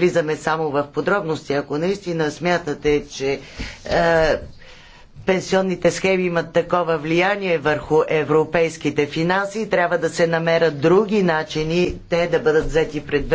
влизаме само в подробности. Ако наистина смятате, че е, пенсионните схеми имат такова влияние върху европейските финанси, трябва да се намерят други начини те да бъдат взети предвид